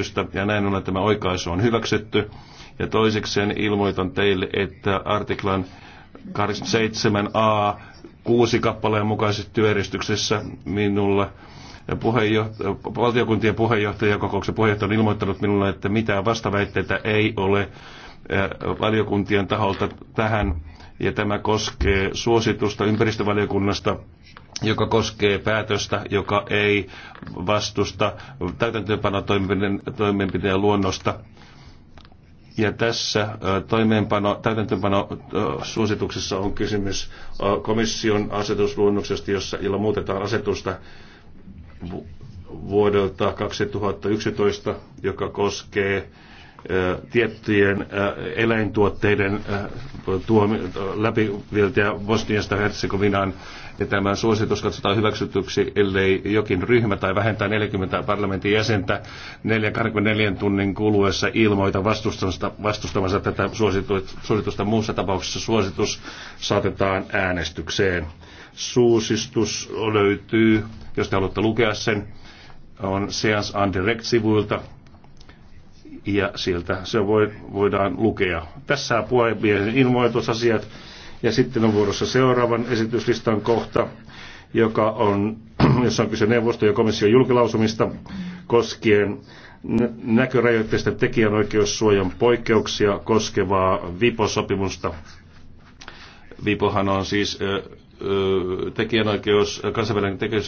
esitystä ja näin ollen tämä oikaisu on hyväksytty. Ja toisekseen ilmoitan teille, että artiklan 87a kuusi kappaleen mukaisessa työjärjestyksessä minulla puheenjohtaja, valtiokuntien kokouksen puheenjohtaja on ilmoittanut minulle, että mitään vastaväitteitä ei ole eh, valiokuntien taholta tähän ja tämä koskee suositusta ympäristövaliokunnasta, joka koskee päätöstä, joka ei vastusta täytäntöönpanotoimenpiteen luonnosta. Ja tässä toimeenpano, täytäntöönpano suosituksessa on kysymys komission asetusluonnoksesta, jossa, jolla muutetaan asetusta vuodelta 2011, joka koskee tiettyjen eläintuotteiden läpivieltiä Bosniasta Herzegovinaan. Ja tämä suositus katsotaan hyväksytyksi, ellei jokin ryhmä tai vähentää 40 parlamentin jäsentä 44 tunnin kuluessa ilmoita vastustamassa, vastustamassa tätä suositusta. Muussa tapauksessa suositus saatetaan äänestykseen. Suositus löytyy, jos te haluatte lukea sen, on Seance on Direct-sivuilta ja sieltä se voi, voidaan lukea. Tässä puhemiehen ilmoitusasiat ja sitten on vuorossa seuraavan esityslistan kohta, joka on, jossa on kyse neuvosto- ja komission julkilausumista koskien näkörajoitteista tekijänoikeussuojan poikkeuksia koskevaa VIPO-sopimusta. VIPOhan on siis ö, ö, tekijänoikeus, kansainvälinen